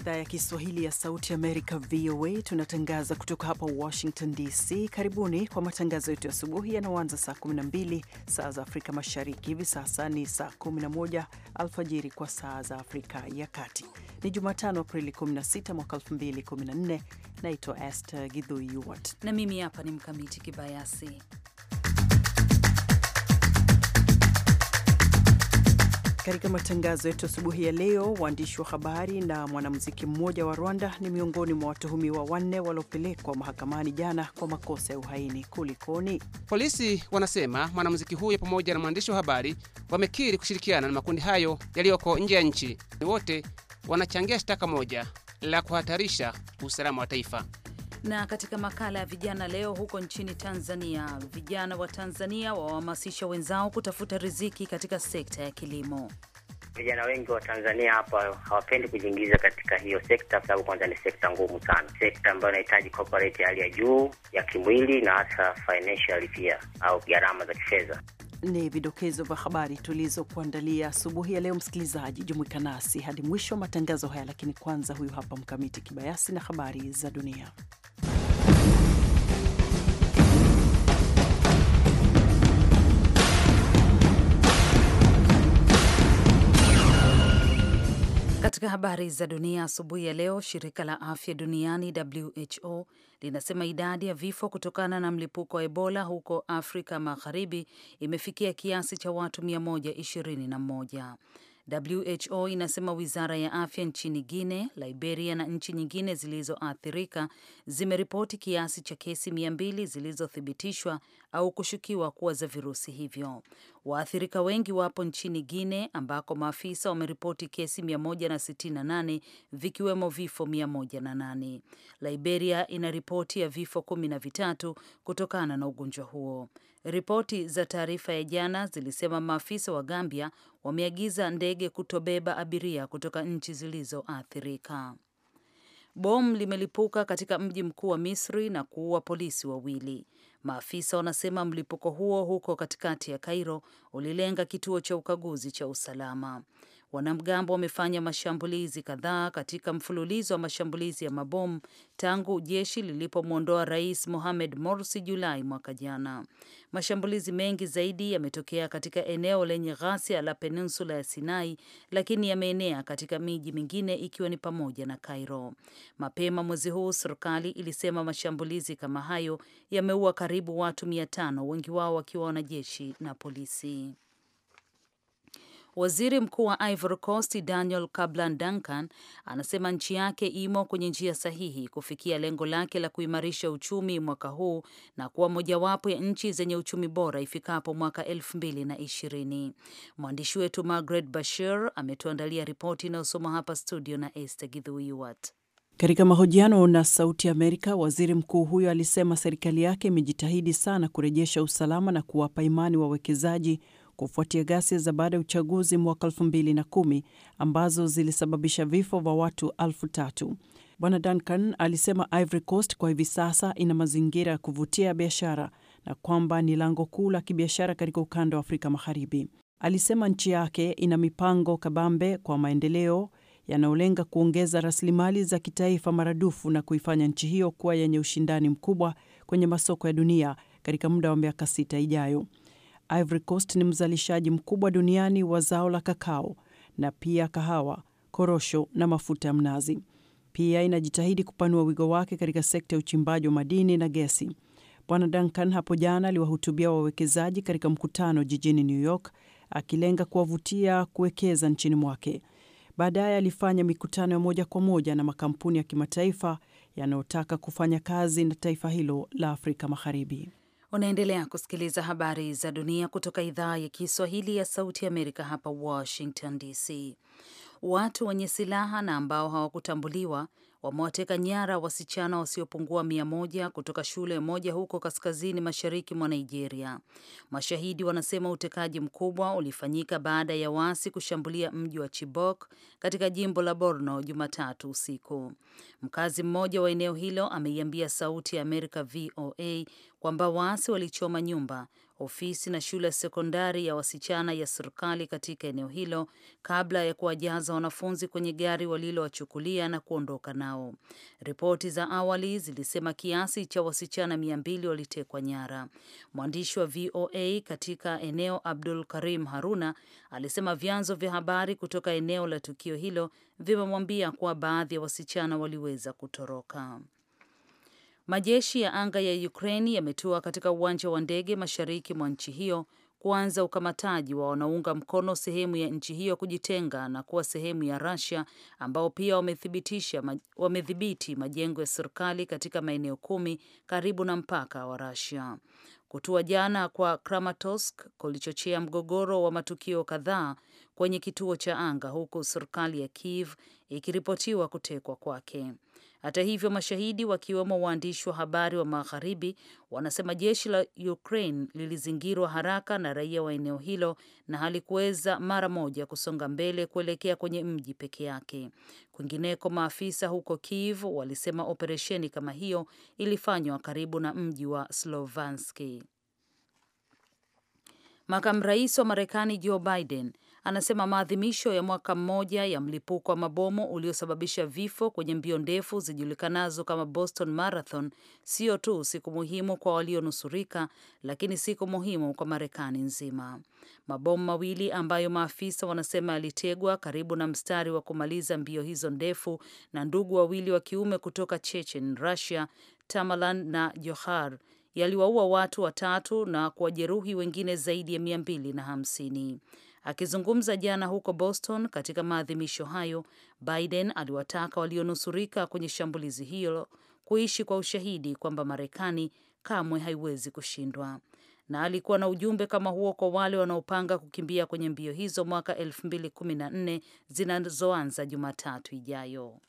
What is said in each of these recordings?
idhaa ya Kiswahili ya Sauti Amerika, VOA. Tunatangaza kutoka hapa Washington DC. Karibuni kwa matangazo yetu ya asubuhi yanaoanza saa 12 saa za Afrika Mashariki. Hivi sasa ni saa 11 alfajiri kwa saa za Afrika ya Kati. Ni Jumatano, Aprili 16 mwaka 2014. Naitwa Esther Gidhui na mimi hapa ni Mkamiti Kibayasi Katika matangazo yetu asubuhi ya leo, waandishi wa habari na mwanamuziki mmoja wa Rwanda ni miongoni mwa watuhumiwa wanne waliopelekwa mahakamani jana kwa makosa ya uhaini. Kulikoni? Polisi wanasema mwanamuziki huyo pamoja na mwandishi wa habari wamekiri kushirikiana na makundi hayo yaliyoko nje ya nchi. Wote wanachangia shtaka moja la kuhatarisha usalama wa taifa. Na katika makala ya vijana leo, huko nchini Tanzania, vijana wa Tanzania wawahamasisha wenzao kutafuta riziki katika sekta ya kilimo. Vijana wengi wa Tanzania hapa hawapendi kujiingiza katika hiyo sekta, kwa sababu kwanza ni sekta ngumu sana, sekta ambayo inahitaji corporate ya hali ya juu ya kimwili na hasa pia, au gharama za kifedha ni vidokezo vya habari tulizokuandalia asubuhi ya leo. Msikilizaji, jumuika nasi hadi mwisho wa matangazo haya, lakini kwanza, huyu hapa Mkamiti Kibayasi na habari za dunia. Katika habari za dunia asubuhi ya leo, shirika la afya duniani WHO linasema idadi ya vifo kutokana na mlipuko wa Ebola huko Afrika Magharibi imefikia kiasi cha watu 121. WHO inasema wizara ya afya nchini Guinea, Liberia na nchi nyingine zilizoathirika zimeripoti kiasi cha kesi mia mbili zilizothibitishwa au kushukiwa kuwa za virusi hivyo. Waathirika wengi wapo nchini Guine ambako maafisa wameripoti kesi 168 vikiwemo vifo 108. Liberia ina ripoti ya vifo kumi na vitatu kutokana na ugonjwa huo. Ripoti za taarifa ya jana zilisema maafisa wa Gambia wameagiza ndege kutobeba abiria kutoka nchi zilizoathirika. Bomu limelipuka katika mji mkuu wa Misri na kuua polisi wawili. Maafisa wanasema mlipuko huo huko katikati ya Kairo ulilenga kituo cha ukaguzi cha usalama. Wanamgambo wamefanya mashambulizi kadhaa katika mfululizo wa mashambulizi ya mabomu tangu jeshi lilipomwondoa Rais Mohamed Morsi Julai mwaka jana. Mashambulizi mengi zaidi yametokea katika eneo lenye ghasia la peninsula ya Sinai, lakini yameenea katika miji mingine ikiwa ni pamoja na Cairo. Mapema mwezi huu serikali ilisema mashambulizi kama hayo yameua karibu watu mia tano, wengi wao wakiwa wanajeshi na polisi. Waziri Mkuu wa Ivory Coast Daniel Kablan Duncan anasema nchi yake imo kwenye njia sahihi kufikia lengo lake la kuimarisha uchumi mwaka huu na kuwa mojawapo ya nchi zenye uchumi bora ifikapo mwaka elfu mbili na ishirini. Mwandishi wetu Margaret Bashir ametuandalia ripoti inayosoma hapa studio na Esther Githuiwat. Katika mahojiano na Sauti Amerika, waziri mkuu huyo alisema serikali yake imejitahidi sana kurejesha usalama na kuwapa imani wawekezaji kufuatia ghasia za baada ya uchaguzi mwaka 2010 ambazo zilisababisha vifo vya watu elfu tatu. Bwana Duncan alisema Ivory Coast kwa hivi sasa ina mazingira ya kuvutia ya biashara na kwamba ni lango kuu la kibiashara katika ukanda wa Afrika Magharibi. Alisema nchi yake ina mipango kabambe kwa maendeleo yanayolenga kuongeza rasilimali za kitaifa maradufu na kuifanya nchi hiyo kuwa yenye ushindani mkubwa kwenye masoko ya dunia katika muda wa miaka sita ijayo. Ivory Coast ni mzalishaji mkubwa duniani wa zao la kakao na pia kahawa, korosho na mafuta ya mnazi. Pia inajitahidi kupanua wigo wake katika sekta ya uchimbaji wa madini na gesi. Bwana Duncan hapo jana aliwahutubia wawekezaji katika mkutano jijini New York akilenga kuwavutia kuwekeza nchini mwake. Baadaye alifanya mikutano ya moja kwa moja na makampuni ya kimataifa yanayotaka kufanya kazi na taifa hilo la Afrika Magharibi. Unaendelea kusikiliza habari za dunia kutoka idhaa ya Kiswahili ya Sauti Amerika hapa Washington DC. Watu wenye silaha na ambao hawakutambuliwa wamewateka nyara wasichana wasiopungua mia moja kutoka shule moja huko kaskazini mashariki mwa Nigeria. Mashahidi wanasema utekaji mkubwa ulifanyika baada ya waasi kushambulia mji wa Chibok katika jimbo la Borno Jumatatu usiku. Mkazi mmoja wa eneo hilo ameiambia Sauti ya Amerika VOA kwamba waasi walichoma nyumba ofisi na shule ya sekondari ya wasichana ya serikali katika eneo hilo kabla ya kuwajaza wanafunzi kwenye gari walilowachukulia na kuondoka nao. Ripoti za awali zilisema kiasi cha wasichana mia mbili walitekwa nyara. Mwandishi wa VOA katika eneo Abdul Karim Haruna alisema vyanzo vya habari kutoka eneo la tukio hilo vimemwambia kuwa baadhi ya wasichana waliweza kutoroka. Majeshi ya anga ya ukraini yametua katika uwanja wa ndege mashariki mwa nchi hiyo kuanza ukamataji wa wanaunga mkono sehemu ya nchi hiyo kujitenga na kuwa sehemu ya Russia ambao pia wamethibitisha wamedhibiti majengo ya serikali katika maeneo kumi karibu na mpaka wa Russia. Kutua jana kwa Kramatorsk kulichochea mgogoro wa matukio kadhaa kwenye kituo cha anga huku serikali ya Kiev ikiripotiwa kutekwa kwake. Hata hivyo, mashahidi wakiwemo waandishi wa habari wa magharibi wanasema jeshi la Ukraine lilizingirwa haraka na raia wa eneo hilo na halikuweza mara moja kusonga mbele kuelekea kwenye mji peke yake. Kwingineko, maafisa huko Kiev walisema operesheni kama hiyo ilifanywa karibu na mji wa Slovanski. Makamu rais wa Marekani Joe Biden anasema maadhimisho ya mwaka mmoja ya mlipuko wa mabomu uliosababisha vifo kwenye mbio ndefu zijulikanazo kama Boston Marathon sio tu siku muhimu kwa walionusurika, lakini siku muhimu kwa Marekani nzima. Mabomu mawili ambayo maafisa wanasema yalitegwa karibu na mstari wa kumaliza mbio hizo ndefu na ndugu wawili wa kiume kutoka Chechen, Russia, tamalan na Johar yaliwaua watu watatu na kuwajeruhi wengine zaidi ya mia mbili na hamsini. Akizungumza jana huko Boston katika maadhimisho hayo, Biden aliwataka walionusurika kwenye shambulizi hilo kuishi kwa ushahidi kwamba Marekani kamwe haiwezi kushindwa. Na alikuwa na ujumbe kama huo kwa wale wanaopanga kukimbia kwenye mbio hizo mwaka 2014 zinazoanza Jumatatu ijayo.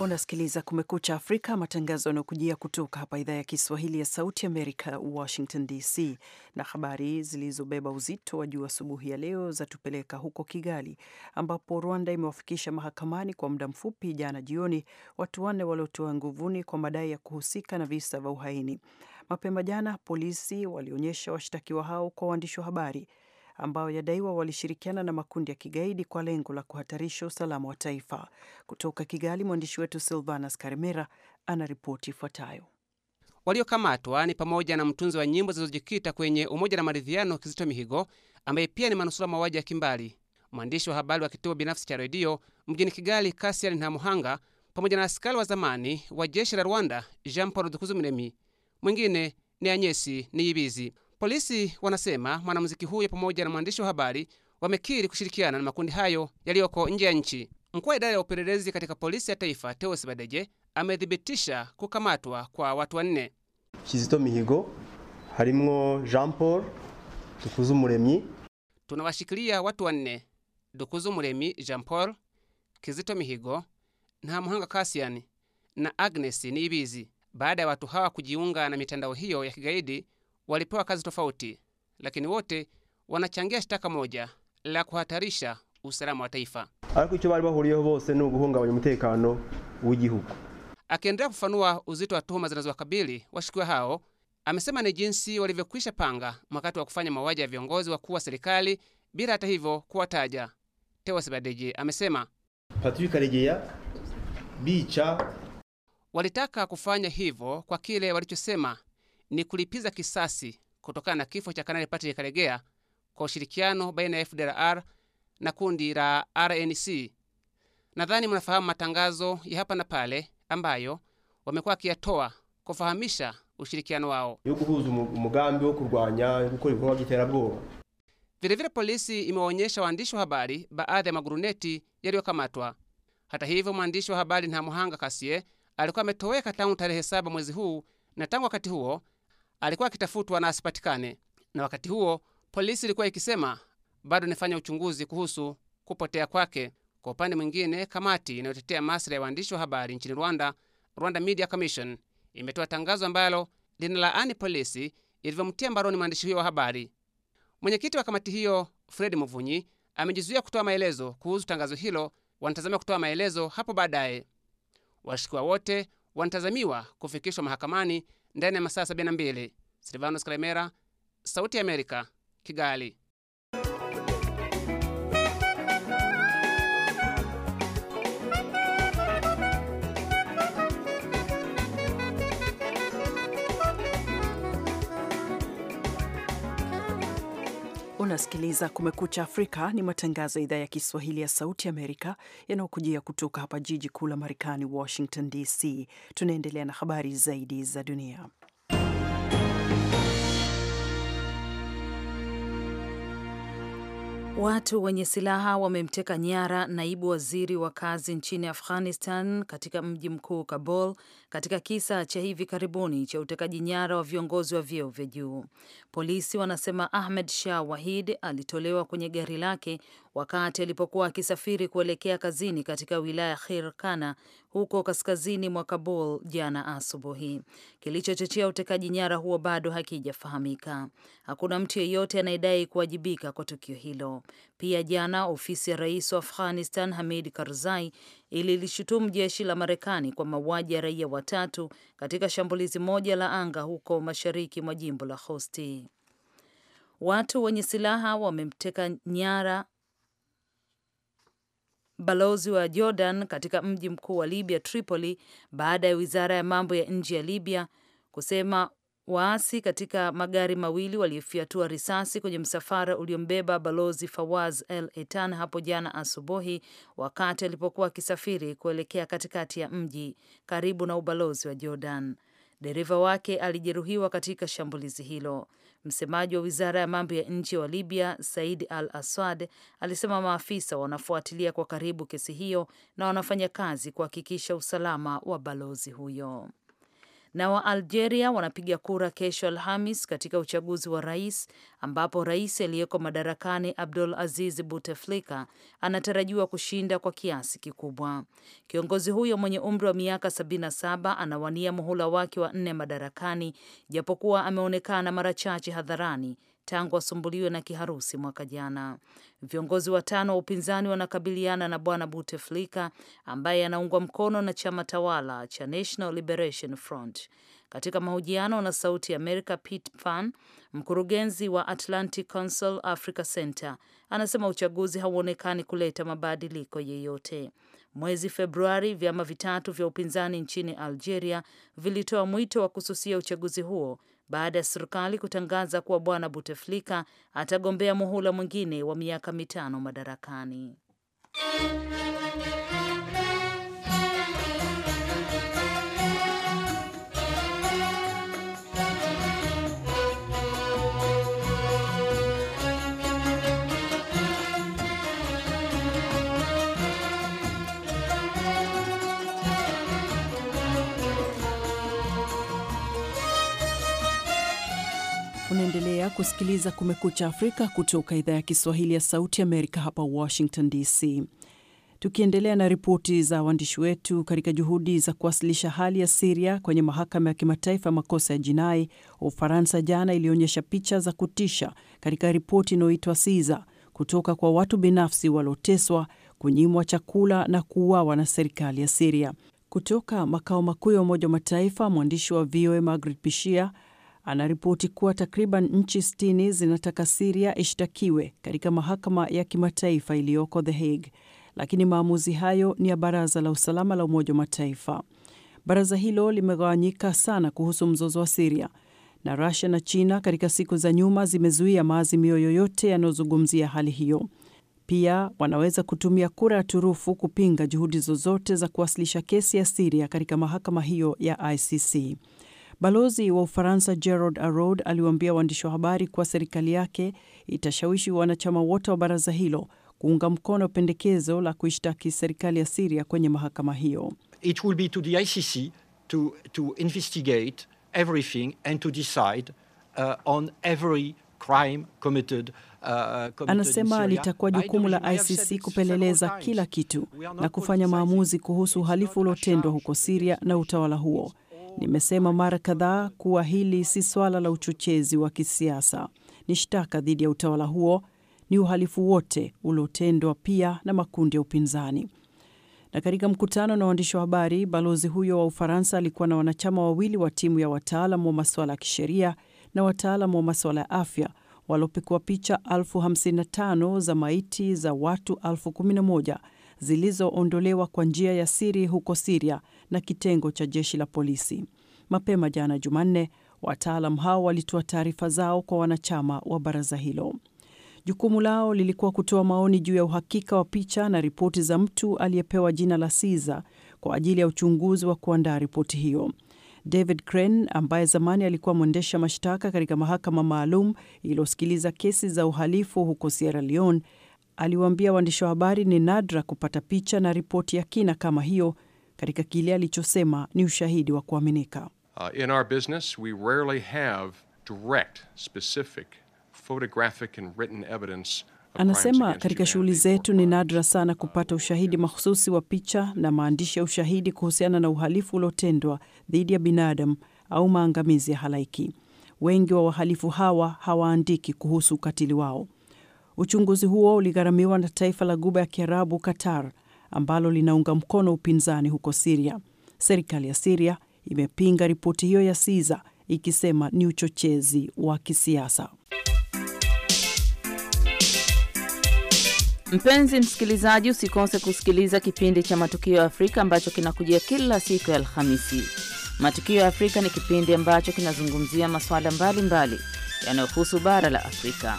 Unasikiliza Kumekucha Afrika, matangazo yanayokujia kutoka hapa idhaa ya Kiswahili ya Sauti Amerika, Washington DC. Na habari zilizobeba uzito wa juu asubuhi ya leo zatupeleka huko Kigali, ambapo Rwanda imewafikisha mahakamani kwa muda mfupi jana jioni watu wanne waliotoa nguvuni kwa madai ya kuhusika na visa vya uhaini. Mapema jana polisi walionyesha washtakiwa hao kwa waandishi wa habari ambao yadaiwa walishirikiana na makundi ya kigaidi kwa lengo la kuhatarisha usalama wa taifa. Kutoka Kigali, mwandishi wetu Silvanas Karimera ana ripoti ifuatayo. Waliokamatwa ni pamoja na mtunzi wa nyimbo zilizojikita kwenye umoja na maridhiano Kizito Mihigo, ambaye pia ni manusura mauaji ya kimbali. Mwandishi wa habari wa kituo binafsi cha redio mjini Kigali, Kasian Ntamuhanga, pamoja na askari wa zamani wa jeshi la Rwanda Jean Paul Dukuzumiremi. Mwingine ni Anyesi Niyibizi Polisi wanasema mwanamuziki huyo pamoja na mwandishi wa habari wamekiri kushirikiana na makundi hayo yaliyoko nje ya nchi. Mkuu wa idara ya upelelezi katika polisi ya taifa Teos Badeje amethibitisha kukamatwa kwa watu wanne. Kizito Mihigo harimwo Jean Paul Dukuzumuremyi. Tunawashikilia watu wanne: Dukuzumuremyi Jean Paul, Kizito Mihigo, Ntamuhanga kasiani na Agnes Niyibizi baada ya watu hawa kujiunga na mitandao hiyo ya kigaidi walipewa kazi tofauti, lakini wote wanachangia shtaka moja la kuhatarisha usalama wa taifa. ariko icyo bari bahuriyeho bose ni uguhungabanya umutekano w'igihugu. Akiendelea kufanua uzito wa tuhuma zinazowakabili washukiwa hao, amesema ni jinsi walivyokwisha panga mkakati wa kufanya mauaji ya viongozi wakuu wa serikali bila hata hivyo kuwataja. Tewas amesema Patrick Karegeya bicha walitaka kufanya hivyo kwa kile walichosema ni kulipiza kisasi kutokana na kifo cha Kanali Patrick Karegeya kwa ushirikiano baina ya FDLR na kundi la RNC. Nadhani mnafahamu matangazo ya hapa na pale ambayo wamekuwa wakiyatoa kufahamisha ushirikiano wao yo guhuza umugambi wo kurwanya gukora ibikorwa by'iterabwoba. Vilevile polisi imewaonyesha waandishi wa habari baadhi ya maguruneti yaliyokamatwa. Hata hivyo, mwandishi wa habari Ntamuhanga Kasie alikuwa ametoweka tangu tarehe saba mwezi huu, na tangu wakati huo alikuwa akitafutwa na asipatikane, na wakati huo polisi ilikuwa ikisema bado inafanya uchunguzi kuhusu kupotea kwake. Kwa upande mwingine, kamati inayotetea maslahi ya waandishi wa habari nchini Rwanda, Rwanda Media Commission, imetoa tangazo ambalo linalaani polisi ilivyomtia mbaroni mwandishi huyo wa habari. Mwenyekiti wa kamati hiyo Fred Muvunyi amejizuia kutoa maelezo kuhusu tangazo hilo, Wanatazamiwa kutoa maelezo hapo baadaye. Washukiwa wote wanatazamiwa kufikishwa mahakamani ndani ya masaa 72. Silvanos Kalemera, Sauti ya Amerika, Kigali. Unasikiliza Kumekucha Afrika, ni matangazo ya idhaa ya Kiswahili ya Sauti Amerika yanayokujia kutoka hapa jiji kuu la Marekani, Washington DC. Tunaendelea na habari zaidi za dunia. Watu wenye silaha wamemteka nyara naibu waziri wa kazi nchini Afghanistan katika mji mkuu Kabul katika kisa cha hivi karibuni cha utekaji nyara wa viongozi wa vyeo vya juu. Polisi wanasema Ahmed Shah Wahid alitolewa kwenye gari lake wakati alipokuwa akisafiri kuelekea kazini katika wilaya Khirkana Kana huko kaskazini mwa Kabul jana asubuhi. Kilichochochea utekaji nyara huo bado hakijafahamika. Hakuna mtu yeyote anayedai kuwajibika kwa tukio hilo. Pia jana, ofisi ya rais wa Afghanistan Hamid Karzai ililishutumu jeshi la Marekani kwa mauaji ya raia watatu katika shambulizi moja la anga huko mashariki mwa jimbo la Hosti. Watu wenye silaha wamemteka nyara balozi wa Jordan katika mji mkuu wa Libya, Tripoli, baada ya wizara ya mambo ya nje ya Libya kusema waasi katika magari mawili waliofiatua risasi kwenye msafara uliombeba balozi Fawaz El Etan hapo jana asubuhi wakati alipokuwa akisafiri kuelekea katikati ya mji karibu na ubalozi wa Jordan. Dereva wake alijeruhiwa katika shambulizi hilo. Msemaji wa wizara ya mambo ya nje wa Libya, Said Al Aswad, alisema maafisa wanafuatilia kwa karibu kesi hiyo na wanafanya kazi kuhakikisha usalama wa balozi huyo. Na wa algeria wanapiga kura kesho Alhamis katika uchaguzi wa rais ambapo rais aliyeko madarakani Abdul Aziz Buteflika anatarajiwa kushinda kwa kiasi kikubwa. Kiongozi huyo mwenye umri wa miaka 77 anawania muhula wake wa nne madarakani, japokuwa ameonekana mara chache hadharani tangu asumbuliwe na kiharusi mwaka jana. Viongozi watano wa upinzani wanakabiliana na bwana buteflika ambaye anaungwa mkono na chama tawala cha National Liberation Front. Katika mahojiano na Sauti america Amerika, Pete Fan, mkurugenzi wa Atlantic Council Africa Center, anasema uchaguzi hauonekani kuleta mabadiliko yeyote. Mwezi Februari, vyama vitatu vya upinzani nchini Algeria vilitoa mwito wa kususia uchaguzi huo baada ya serikali kutangaza kuwa Bwana Buteflika atagombea muhula mwingine wa miaka mitano madarakani. Unaendelea kusikiliza Kumekucha Afrika kutoka idhaa ya Kiswahili ya Sauti Amerika, hapa Washington DC. Tukiendelea na ripoti za waandishi wetu, katika juhudi za kuwasilisha hali ya Siria kwenye mahakama ya kimataifa ya makosa ya jinai, Ufaransa jana ilionyesha picha za kutisha katika ripoti inayoitwa Siza kutoka kwa watu binafsi walioteswa, kunyimwa chakula na kuuawa na serikali ya Siria. Kutoka makao makuu ya Umoja wa Mataifa, mwandishi wa VOA Margaret Pishia anaripoti kuwa takriban nchi 60 zinataka Siria ishtakiwe katika mahakama ya kimataifa iliyoko The Hague, lakini maamuzi hayo ni ya Baraza la Usalama la Umoja wa Mataifa. Baraza hilo limegawanyika sana kuhusu mzozo wa Siria na Rusia na China katika siku za nyuma zimezuia maazimio yoyote yanayozungumzia hali hiyo. Pia wanaweza kutumia kura ya turufu kupinga juhudi zozote za kuwasilisha kesi ya Siria katika mahakama hiyo ya ICC. Balozi wa Ufaransa Gerald arod aliwaambia waandishi wa habari kuwa serikali yake itashawishi wanachama wote wa baraza hilo kuunga mkono pendekezo la kuishtaki serikali ya Siria kwenye mahakama hiyo. It will be to the ICC to, to investigate everything and to decide uh, on every crime committed Uh, anasema litakuwa jukumu la ICC kupeleleza kila kitu na kufanya maamuzi kuhusu uhalifu uliotendwa huko Siria na utawala huo. Nimesema mara kadhaa kuwa hili si swala la uchochezi wa kisiasa. Ni shtaka dhidi ya utawala huo, ni uhalifu wote uliotendwa pia na makundi ya upinzani. Na katika mkutano na waandishi wa habari, balozi huyo wa Ufaransa alikuwa na wanachama wawili wa timu ya wataalam wa masuala ya kisheria na wataalam wa masuala ya afya walopikwa picha elfu za maiti za watu elfu zilizoondolewa kwa njia ya siri huko Siria na kitengo cha jeshi la polisi. Mapema jana Jumanne, wataalam hao walitoa taarifa zao kwa wanachama wa baraza hilo. Jukumu lao lilikuwa kutoa maoni juu ya uhakika wa picha na ripoti za mtu aliyepewa jina la Siza kwa ajili ya uchunguzi wa kuandaa ripoti hiyo. David Crane ambaye zamani alikuwa mwendesha mashtaka katika mahakama maalum iliyosikiliza kesi za uhalifu huko Sierra Leone aliwaambia waandishi wa habari ni nadra kupata picha na ripoti ya kina kama hiyo katika kile alichosema ni ushahidi wa kuaminika. Uh, in our business we rarely have direct specific photographic and written evidence Anasema katika shughuli zetu ni nadra sana kupata ushahidi mahususi wa picha na maandishi ya ushahidi kuhusiana na uhalifu uliotendwa dhidi ya binadamu au maangamizi ya halaiki. Wengi wa wahalifu hawa hawaandiki kuhusu ukatili wao. Uchunguzi huo uligharamiwa na taifa la Guba ya Kiarabu, Qatar, ambalo linaunga mkono upinzani huko Siria. Serikali ya Siria imepinga ripoti hiyo ya Siza ikisema ni uchochezi wa kisiasa. Mpenzi msikilizaji, usikose kusikiliza kipindi cha Matukio ya Afrika ambacho kinakujia kila siku ya Alhamisi. Matukio ya Afrika ni kipindi ambacho kinazungumzia masuala mbalimbali yanayohusu bara la Afrika.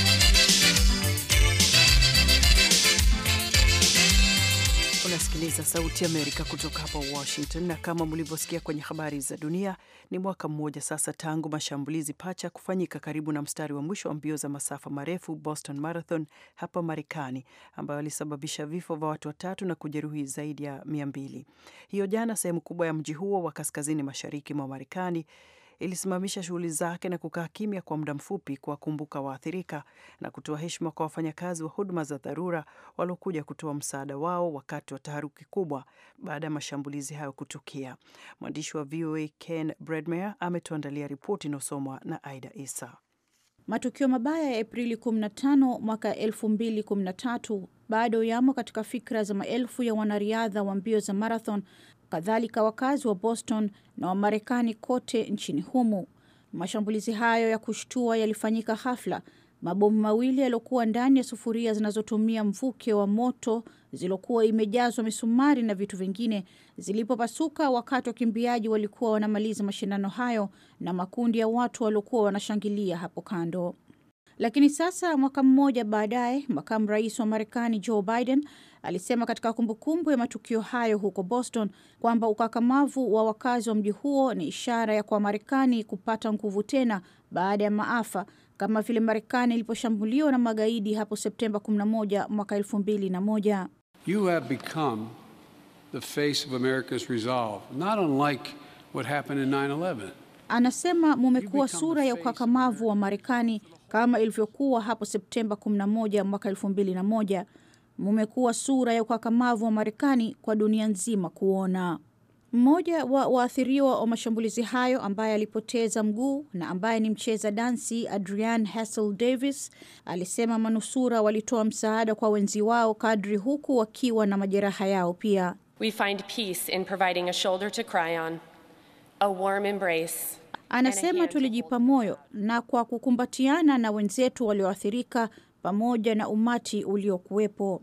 unasikiliza Sauti Amerika kutoka hapa Washington, na kama mlivyosikia kwenye habari za dunia, ni mwaka mmoja sasa tangu mashambulizi pacha kufanyika karibu na mstari wa mwisho wa mbio za masafa marefu Boston Marathon hapa Marekani, ambayo alisababisha vifo vya watu watatu na kujeruhi zaidi ya mia mbili. Hiyo jana, sehemu kubwa ya mji huo wa kaskazini mashariki mwa Marekani ilisimamisha shughuli zake na kukaa kimya kwa muda mfupi kuwakumbuka waathirika na kutoa heshima kwa wafanyakazi wa huduma za dharura waliokuja kutoa msaada wao wakati wa taharuki kubwa baada ya mashambulizi hayo kutukia. Mwandishi wa VOA Ken Bredmer ametuandalia ripoti inayosomwa na Aida Isa. Matukio mabaya ya Aprili 15 mwaka 2013 bado yamo katika fikra za maelfu ya wanariadha wa mbio za marathon kadhalika wakazi wa Boston na Wamarekani kote nchini humo. Mashambulizi hayo ya kushtua yalifanyika hafla. Mabomu mawili yaliyokuwa ndani ya sufuria zinazotumia mvuke wa moto zilizokuwa imejazwa misumari na vitu vingine zilipopasuka wakati wakimbiaji walikuwa wanamaliza mashindano hayo na makundi ya watu waliokuwa wanashangilia hapo kando. Lakini sasa mwaka mmoja baadaye, makamu rais wa Marekani Joe Biden alisema katika kumbukumbu ya matukio hayo huko Boston kwamba ukakamavu wa wakazi wa mji huo ni ishara ya kwa Marekani kupata nguvu tena baada ya maafa kama vile Marekani iliposhambuliwa na magaidi hapo Septemba 11 mwaka 2001. You have become the face of America's resolve, not unlike what happened in 9/11. Anasema mumekuwa sura ya ukakamavu wa Marekani kama ilivyokuwa hapo Septemba 11 mwaka 2001, mumekuwa sura ya ukakamavu wa Marekani kwa dunia nzima kuona. Mmoja wa waathiriwa wa mashambulizi hayo ambaye alipoteza mguu na ambaye ni mcheza dansi Adrian Hassel Davis alisema manusura walitoa msaada kwa wenzi wao kadri huku wakiwa na majeraha yao pia. We find peace in providing a shoulder to cry on, a warm embrace Anasema tulijipa moyo na kwa kukumbatiana na wenzetu walioathirika pamoja na umati uliokuwepo.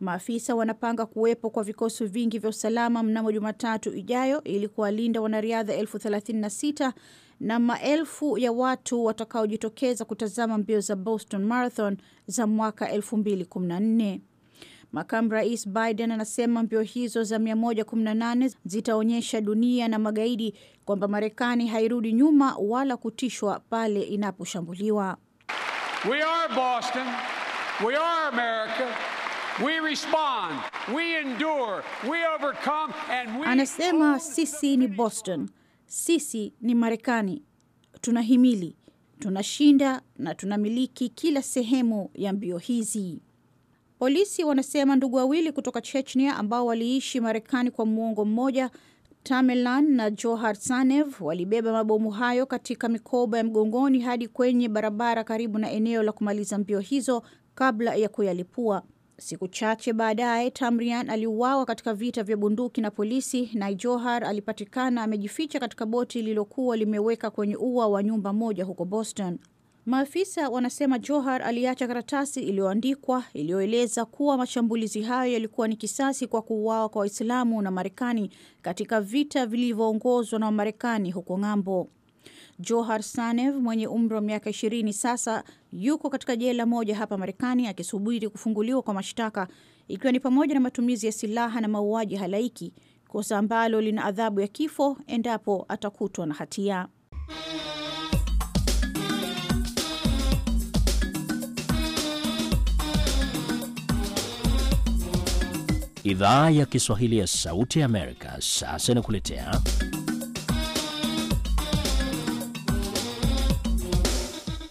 Maafisa wanapanga kuwepo kwa vikosi vingi vya usalama mnamo Jumatatu ijayo ili kuwalinda wanariadha elfu thelathini na sita na maelfu ya watu watakaojitokeza kutazama mbio za Boston Marathon za mwaka 2014. Makamu Rais Biden anasema mbio hizo za 118 zitaonyesha dunia na magaidi kwamba Marekani hairudi nyuma wala kutishwa pale inaposhambuliwa. We are Boston. We are America. We respond. We endure. We overcome and we... Anasema sisi ni Boston. Sisi ni Marekani. Tunahimili. Tunashinda na tunamiliki kila sehemu ya mbio hizi. Polisi wanasema ndugu wawili kutoka Chechnia ambao waliishi Marekani kwa muongo mmoja, Tamerlan na Johar Sanev, walibeba mabomu hayo katika mikoba ya mgongoni hadi kwenye barabara karibu na eneo la kumaliza mbio hizo kabla ya kuyalipua. Siku chache baadaye Tamrian aliuawa katika vita vya bunduki na polisi, na Johar alipatikana amejificha katika boti lililokuwa limeweka kwenye ua wa nyumba moja huko Boston. Maafisa wanasema Johar aliacha karatasi iliyoandikwa iliyoeleza kuwa mashambulizi hayo yalikuwa ni kisasi kwa kuuawa kwa Waislamu na Marekani katika vita vilivyoongozwa na Wamarekani huko ng'ambo. Johar Sanev mwenye umri wa miaka ishirini sasa yuko katika jela moja hapa Marekani akisubiri kufunguliwa kwa mashtaka ikiwa ni pamoja na matumizi ya silaha na mauaji halaiki, kosa ambalo lina adhabu ya kifo endapo atakutwa na hatia. Idhaa ya Kiswahili ya Sauti ya Amerika sasa inakuletea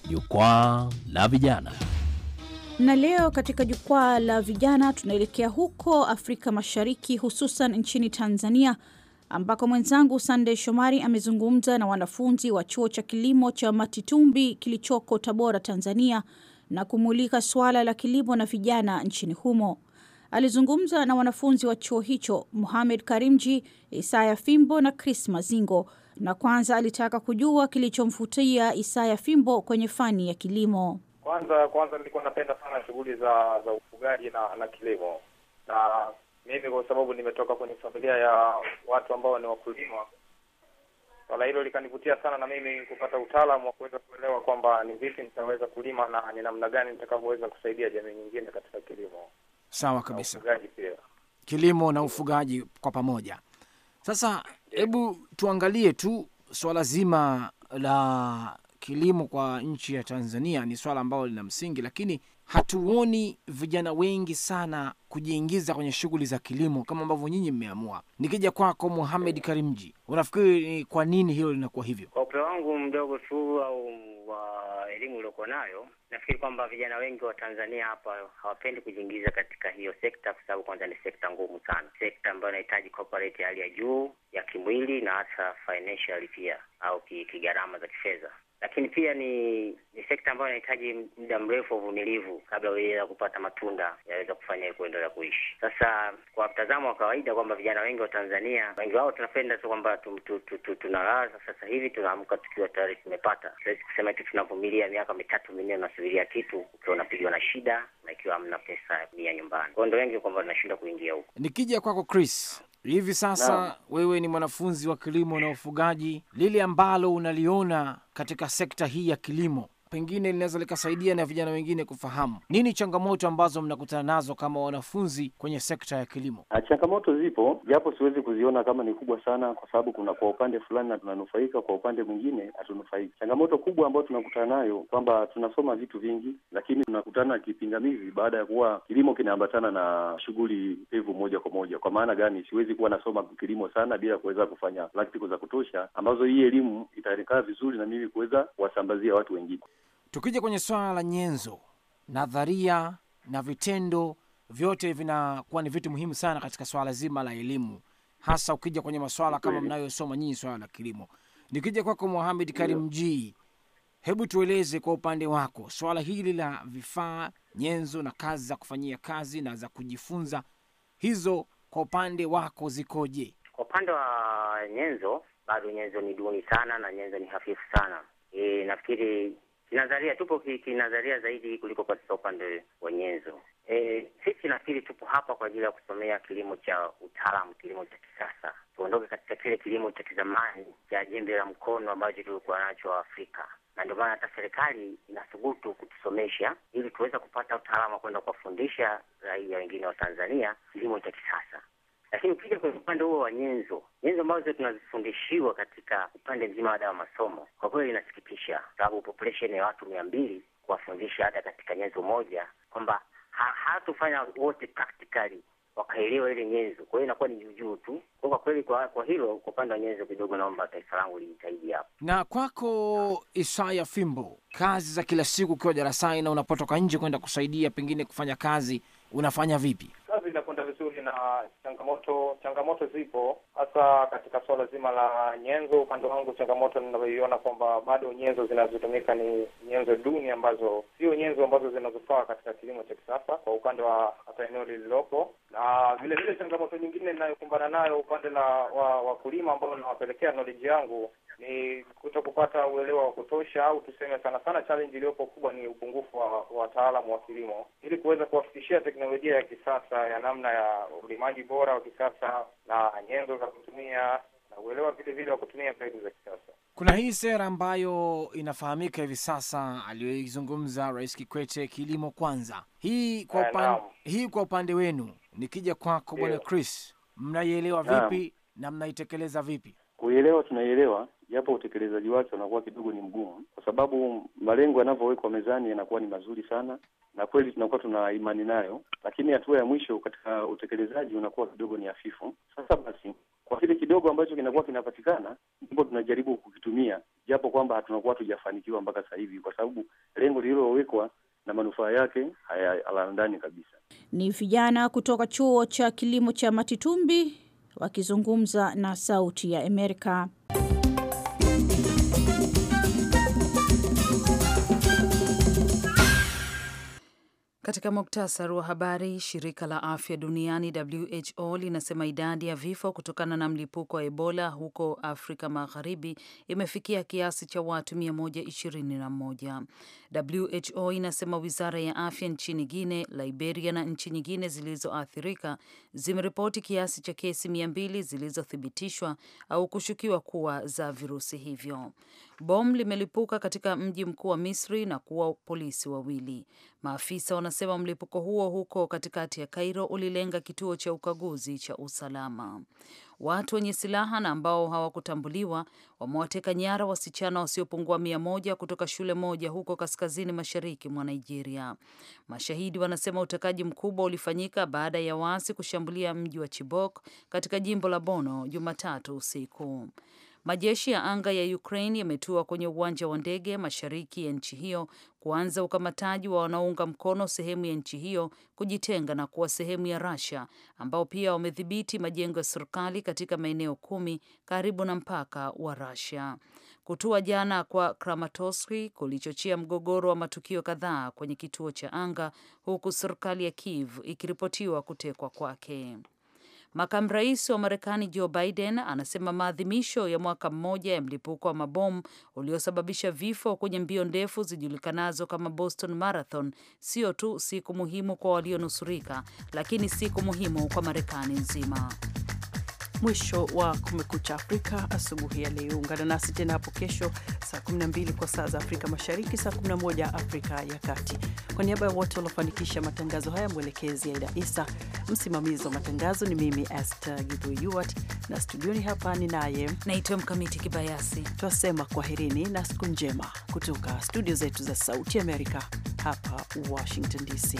Jukwaa la Vijana, na leo katika Jukwaa la Vijana tunaelekea huko Afrika Mashariki, hususan nchini Tanzania ambako mwenzangu Sandey Shomari amezungumza na wanafunzi wa chuo cha kilimo cha Matitumbi kilichoko Tabora, Tanzania, na kumulika suala la kilimo na vijana nchini humo. Alizungumza na wanafunzi wa chuo hicho Muhamed Karimji, Isaya Fimbo na Chris Mazingo, na kwanza alitaka kujua kilichomfutia Isaya Fimbo kwenye fani ya kilimo. Kwanza kwanza nilikuwa napenda sana shughuli za za ufugaji na na kilimo, na mimi kwa sababu nimetoka kwenye familia ya watu ambao ni wakulima, swala hilo likanivutia sana na mimi kupata utaalamu wa kuweza kuelewa kwamba ni vipi nitaweza kulima na ni namna gani nitakavyoweza kusaidia jamii nyingine katika kilimo. Sawa kabisa, na kilimo na ufugaji kwa pamoja. Sasa hebu tuangalie tu swala zima la kilimo kwa nchi ya Tanzania. Ni swala ambalo lina msingi, lakini hatuoni vijana wengi sana kujiingiza kwenye shughuli za kilimo kama ambavyo nyinyi mmeamua. Nikija kwako Muhamed Karimji, unafikiri kwa nini hilo linakuwa hivyo? wangu mdogo tu au wa elimu uliokuwa nayo, nafikiri kwamba vijana wengi wa Tanzania hapa hawapendi kujiingiza katika hiyo sekta, kwa sababu kwanza ni sekta ngumu sana, sekta ambayo inahitaji corporate ya hali ya juu ya kimwili na hasa financially pia, au kigharama za kifedha lakini pia ni ni sekta ambayo inahitaji muda mrefu wa uvumilivu kabla uweza kupata matunda yaweza kufanya kuendelea kuishi. Sasa kwa mtazamo wa kawaida kwamba vijana wengi wa Tanzania, wengi wao tunapenda tu kwamba tunalala sasa hivi, tunaamka tukiwa tayari tumepata. Siwezi kusema tu tunavumilia miaka mitatu minne, unasubiria kitu ukiwa unapigwa na shida na ikiwa hamna pesa mia nyumbani. kwao ndo wengi kwamba tunashindwa kuingia huko. Nikija kwako Chris, hivi sasa no. wewe ni mwanafunzi wa kilimo na ufugaji, lile ambalo unaliona katika sekta hii ya kilimo pengine linaweza likasaidia na vijana wengine kufahamu nini changamoto ambazo mnakutana nazo kama wanafunzi kwenye sekta ya kilimo? Ah, changamoto zipo, japo siwezi kuziona kama ni kubwa sana, kwa sababu kuna kwa upande fulani na tunanufaika, kwa upande mwingine hatunufaiki. Changamoto kubwa ambayo tunakutana nayo kwamba tunasoma vitu vingi, lakini tunakutana kipingamizi baada ya kuwa kilimo kinaambatana na shughuli pevu moja kwa moja. Kwa maana gani? Siwezi kuwa nasoma kilimo sana bila kuweza kufanya za kutosha, ambazo hii elimu itaonekana vizuri na mimi kuweza kuwasambazia watu wengine. Tukija kwenye swala la nyenzo, nadharia na vitendo vyote vinakuwa ni vitu muhimu sana katika swala zima la elimu, hasa ukija kwenye maswala kama mnayosoma nyinyi, swala la kilimo. Nikija kwako muhamed Karim ji hebu tueleze kwa upande wako swala hili la vifaa, nyenzo na kazi za kufanyia kazi na za kujifunza, hizo kwa upande wako zikoje? Kwa upande wa nyenzo, bado nyenzo ni duni sana na nyenzo ni hafifu sana. E, nafikiri nadharia tupo kinadharia zaidi kuliko katika upande wa nyenzo. E, sisi nafikiri tupo hapa kwa ajili ya kusomea kilimo cha utaalamu, kilimo cha kisasa. Tuondoke katika kile kilimo cha kizamani cha jembe la mkono ambacho tulikuwa nacho Afrika, na ndio maana hata serikali inathubutu kutusomesha ili tuweze kupata utaalamu wa kwenda kuwafundisha raia wengine wa Tanzania kilimo cha kisasa. Lakini ukija kwenye upande huo wa nyenzo, nyenzo ambazo tunazifundishiwa katika upande mzima wa wa masomo, kwa kweli inasikitisha, sababu population ya watu mia mbili kuwafundisha hata katika nyenzo moja, kwamba hatufanya wote practically wakaelewa ile nyenzo, kwa hiyo inakuwa ni juujuu tu. Kwa kweli kwa, kwa hilo kwa upande wa nyenzo kidogo, naomba taifa langu lijitahidi hapo. Na kwako Isaya Fimbo, kazi za kila siku ukiwa darasani na unapotoka nje kwenda kusaidia pengine kufanya kazi, unafanya vipi? na changamoto, changamoto zipo hasa katika suala zima la nyenzo. Upande wangu, changamoto ninavyoiona kwamba bado nyenzo zinazotumika ni nyenzo duni ambazo sio nyenzo ambazo zinazofaa katika kilimo cha kisasa kwa upande wa hata eneo lililopo, na vile vile changamoto nyingine inayokumbana nayo upande la wa wakulima ambao inawapelekea knowledge yangu ni kuto kupata uelewa wa kutosha, au tuseme sana sana challenge iliyopo kubwa ni upungufu wa wataalamu wa kilimo, ili kuweza kuwafikishia teknolojia ya kisasa ya namna ya ulimaji bora wa kisasa na nyenzo za kutumia na uelewa vile vile wa kutumia mbegu za kisasa. Kuna hii sera ambayo inafahamika hivi sasa aliyoizungumza Rais Kikwete, kilimo kwanza. Hii kwa eh, upande, hii kwa upande wenu, nikija kwako Bwana Chris, mnaielewa vipi na mnaitekeleza vipi? Kuielewa tunaielewa, japo utekelezaji wake unakuwa kidogo ni mgumu, kwa sababu malengo yanavyowekwa mezani yanakuwa ni mazuri sana, na kweli tunakuwa tuna imani nayo, lakini hatua ya mwisho katika utekelezaji unakuwa kidogo ni hafifu. Sasa basi, kwa kile kidogo ambacho kinakuwa kinapatikana, ndipo tunajaribu kukitumia, japo kwamba hatunakuwa tujafanikiwa mpaka sasa hivi, kwa sababu lengo lililowekwa na manufaa yake hayalandani kabisa. Ni vijana kutoka chuo cha kilimo cha Matitumbi wakizungumza na Sauti ya Amerika. Katika muktasari wa habari, shirika la afya duniani WHO linasema idadi ya vifo kutokana na mlipuko wa Ebola huko Afrika Magharibi imefikia kiasi cha watu 121. WHO inasema wizara ya afya nchini Guine, Liberia na nchi nyingine zilizoathirika zimeripoti kiasi cha kesi 200 zilizothibitishwa au kushukiwa kuwa za virusi hivyo. Bomu limelipuka katika mji mkuu wa Misri na kuua polisi wawili. Maafisa wanasema mlipuko huo huko katikati ya Kairo ulilenga kituo cha ukaguzi cha usalama. Watu wenye silaha na ambao hawakutambuliwa wamewateka nyara wasichana wasiopungua mia moja kutoka shule moja huko kaskazini mashariki mwa Nigeria. Mashahidi wanasema utekaji mkubwa ulifanyika baada ya waasi kushambulia mji wa Chibok katika jimbo la Bono Jumatatu usiku. Majeshi ya anga ya Ukraine yametua kwenye uwanja wa ndege mashariki ya nchi hiyo kuanza ukamataji wa wanaounga mkono sehemu ya nchi hiyo kujitenga na kuwa sehemu ya Russia, ambao pia wamedhibiti majengo ya serikali katika maeneo kumi karibu na mpaka wa Russia. Kutua jana kwa Kramatorsk kulichochea mgogoro wa matukio kadhaa kwenye kituo cha anga, huku serikali ya Kiev ikiripotiwa kutekwa kwake. Makamu rais wa Marekani Joe Biden anasema maadhimisho ya mwaka mmoja ya mlipuko wa mabomu uliosababisha vifo kwenye mbio ndefu zijulikanazo kama Boston Marathon sio tu siku muhimu kwa walionusurika, lakini siku muhimu kwa Marekani nzima mwisho wa Kumekucha Afrika asubuhi ya leo. Ungana nasi tena hapo kesho saa 12 kwa saa za Afrika Mashariki, saa 11 Afrika ya Kati. Kwa niaba ya wote waliofanikisha matangazo haya, mwelekezi Aida Isa, msimamizi wa matangazo ni mimi Esther Githyuart, na studioni hapa ni naye naitwa Mkamiti Kibayasi. Twasema kwaherini na siku njema kutoka studio zetu za Sauti Amerika hapa Washington DC.